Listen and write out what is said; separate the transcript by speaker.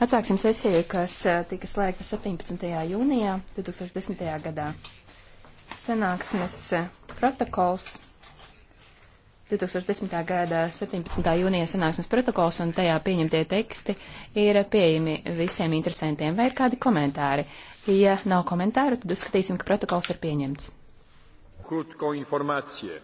Speaker 1: Atsāksim sesiju, kas eh, tika slēgta 17. jūnijā 2010. gadā. Sanāksmes eh, protokols 2010. gada 17. jūnija sanāksmes protokols un tajā pieņemtie teksti ir pieejami visiem interesantiem. Vai ir kādi komentāri?
Speaker 2: Ja
Speaker 3: nav komentāru, tad uzskatīsim, ka protokols ir pieņemts.
Speaker 4: Krutko informācija.